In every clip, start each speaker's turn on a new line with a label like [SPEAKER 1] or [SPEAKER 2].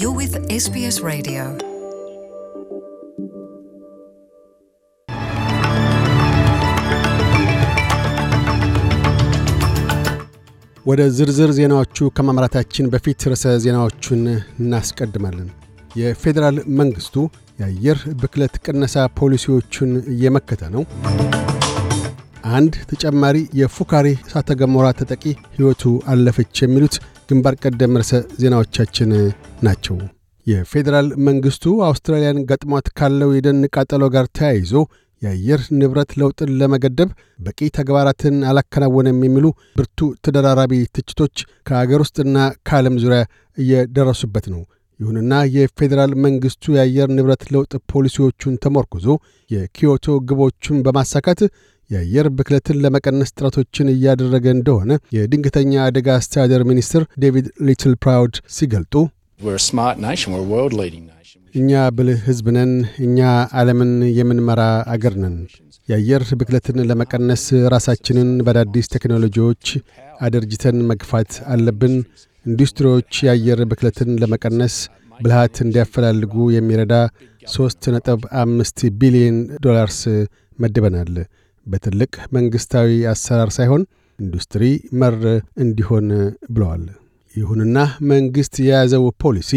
[SPEAKER 1] You're with SBS Radio. ወደ ዝርዝር ዜናዎቹ ከማምራታችን በፊት ርዕሰ ዜናዎቹን እናስቀድማለን። የፌዴራል መንግሥቱ የአየር ብክለት ቅነሳ ፖሊሲዎቹን እየመከተ ነው። አንድ ተጨማሪ የፉካሪ እሳተ ገሞራ ተጠቂ ሕይወቱ አለፈች። የሚሉት ግንባር ቀደም ርዕሰ ዜናዎቻችን ናቸው። የፌዴራል መንግሥቱ አውስትራሊያን ገጥሟት ካለው የደን ቃጠሎ ጋር ተያይዞ የአየር ንብረት ለውጥን ለመገደብ በቂ ተግባራትን አላከናወነም የሚሉ ብርቱ ተደራራቢ ትችቶች ከአገር ውስጥና ከዓለም ዙሪያ እየደረሱበት ነው። ይሁንና የፌዴራል መንግሥቱ የአየር ንብረት ለውጥ ፖሊሲዎቹን ተሞርኩዞ የኪዮቶ ግቦቹን በማሳካት የአየር ብክለትን ለመቀነስ ጥረቶችን እያደረገ እንደሆነ የድንገተኛ አደጋ አስተዳደር ሚኒስትር ዴቪድ ሊትል ፕራውድ ሲገልጡ እኛ ብልህ ሕዝብ ነን። እኛ ዓለምን የምንመራ አገር ነን። የአየር ብክለትን ለመቀነስ ራሳችንን በአዳዲስ ቴክኖሎጂዎች አደርጅተን መግፋት አለብን። ኢንዱስትሪዎች የአየር ብክለትን ለመቀነስ ብልሃት እንዲያፈላልጉ የሚረዳ ሦስት ነጥብ አምስት ቢሊዮን ዶላርስ መድበናል። በትልቅ መንግሥታዊ አሰራር ሳይሆን ኢንዱስትሪ መር እንዲሆን ብለዋል። ይሁንና መንግሥት የያዘው ፖሊሲ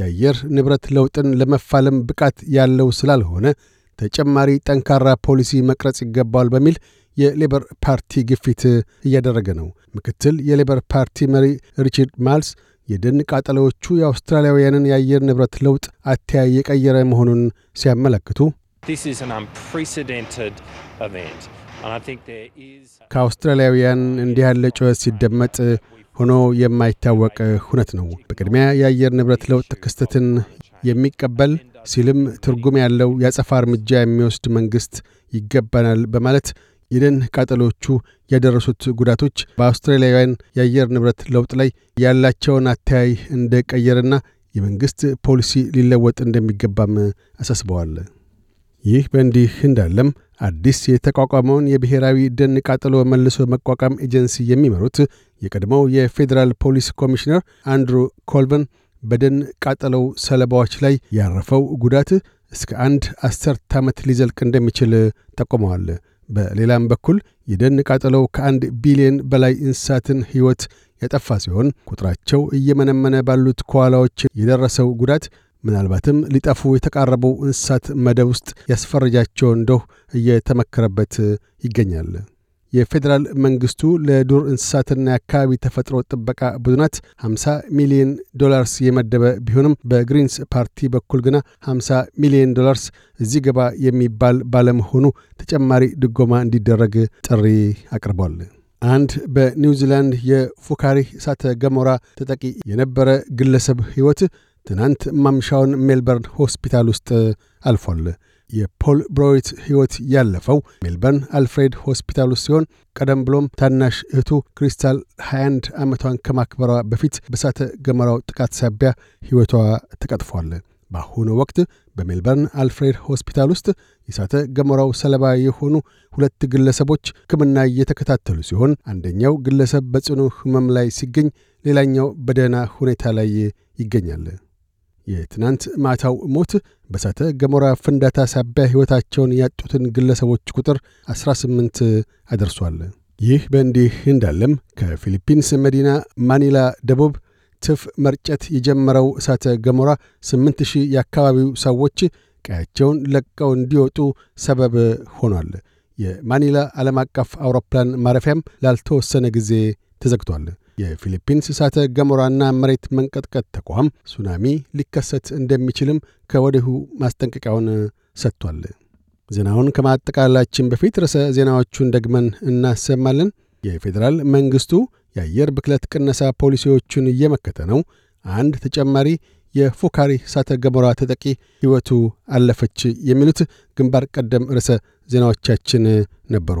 [SPEAKER 1] የአየር ንብረት ለውጥን ለመፋለም ብቃት ያለው ስላልሆነ ተጨማሪ ጠንካራ ፖሊሲ መቅረጽ ይገባዋል በሚል የሌበር ፓርቲ ግፊት እያደረገ ነው። ምክትል የሌበር ፓርቲ መሪ ሪቻርድ ማልስ የደን ቃጠሎዎቹ የአውስትራሊያውያንን የአየር ንብረት ለውጥ አተያይ የቀየረ መሆኑን ሲያመለክቱ ከአውስትራሊያውያን እንዲህ ያለ ጩኸት ሲደመጥ ሆኖ የማይታወቅ ሁነት ነው። በቅድሚያ የአየር ንብረት ለውጥ ክስተትን የሚቀበል ሲልም ትርጉም ያለው የአጸፋ እርምጃ የሚወስድ መንግሥት ይገባናል በማለት የደን ቃጠሎቹ ያደረሱት ጉዳቶች በአውስትራሊያውያን የአየር ንብረት ለውጥ ላይ ያላቸውን አተያይ እንደቀየርና የመንግሥት ፖሊሲ ሊለወጥ እንደሚገባም አሳስበዋል። ይህ በእንዲህ እንዳለም አዲስ የተቋቋመውን የብሔራዊ ደን ቃጠሎ መልሶ መቋቋም ኤጀንሲ የሚመሩት የቀድሞው የፌዴራል ፖሊስ ኮሚሽነር አንድሩ ኮልቨን በደን ቃጠለው ሰለባዎች ላይ ያረፈው ጉዳት እስከ አንድ አስርት ዓመት ሊዘልቅ እንደሚችል ጠቁመዋል። በሌላም በኩል የደን ቃጠለው ከአንድ ቢሊዮን በላይ እንስሳትን ሕይወት ያጠፋ ሲሆን ቁጥራቸው እየመነመነ ባሉት ኮዋላዎች የደረሰው ጉዳት ምናልባትም ሊጠፉ የተቃረቡ እንስሳት መደብ ውስጥ ያስፈረጃቸው እንደሁ እየተመከረበት ይገኛል። የፌዴራል መንግስቱ ለዱር እንስሳትና የአካባቢ ተፈጥሮ ጥበቃ ቡድናት 50 ሚሊዮን ዶላርስ የመደበ ቢሆንም በግሪንስ ፓርቲ በኩል ግና 50 ሚሊዮን ዶላርስ እዚህ ገባ የሚባል ባለመሆኑ ተጨማሪ ድጎማ እንዲደረግ ጥሪ አቅርቧል። አንድ በኒውዚላንድ የፉካሪ እሳተ ገሞራ ተጠቂ የነበረ ግለሰብ ሕይወት ትናንት ማምሻውን ሜልበርን ሆስፒታል ውስጥ አልፏል። የፖል ብሮዊት ሕይወት ያለፈው ሜልበርን አልፍሬድ ሆስፒታል ውስጥ ሲሆን ቀደም ብሎም ታናሽ እህቱ ክሪስታል 21 ዓመቷን ከማክበሯ በፊት በእሳተ ገሞራው ጥቃት ሳቢያ ሕይወቷ ተቀጥፏል። በአሁኑ ወቅት በሜልበርን አልፍሬድ ሆስፒታል ውስጥ የእሳተ ገሞራው ሰለባ የሆኑ ሁለት ግለሰቦች ሕክምና እየተከታተሉ ሲሆን አንደኛው ግለሰብ በጽኑ ሕመም ላይ ሲገኝ፣ ሌላኛው በደህና ሁኔታ ላይ ይገኛል። የትናንት ማታው ሞት በእሳተ ገሞራ ፍንዳታ ሳቢያ ሕይወታቸውን ያጡትን ግለሰቦች ቁጥር 18 አደርሷል። ይህ በእንዲህ እንዳለም ከፊሊፒንስ መዲና ማኒላ ደቡብ ትፍ መርጨት የጀመረው እሳተ ገሞራ 8ንት ሺህ የአካባቢው ሰዎች ቀያቸውን ለቀው እንዲወጡ ሰበብ ሆኗል። የማኒላ ዓለም አቀፍ አውሮፕላን ማረፊያም ላልተወሰነ ጊዜ ተዘግቷል። የፊሊፒንስ እሳተ ገሞራና መሬት መንቀጥቀጥ ተቋም ሱናሚ ሊከሰት እንደሚችልም ከወዲሁ ማስጠንቀቂያውን ሰጥቷል። ዜናውን ከማጠቃላላችን በፊት ርዕሰ ዜናዎቹን ደግመን እናሰማለን። የፌዴራል መንግሥቱ የአየር ብክለት ቅነሳ ፖሊሲዎቹን እየመከተ ነው። አንድ ተጨማሪ የፉካሪ እሳተ ገሞራ ተጠቂ ሕይወቱ አለፈች። የሚሉት ግንባር ቀደም ርዕሰ ዜናዎቻችን ነበሩ።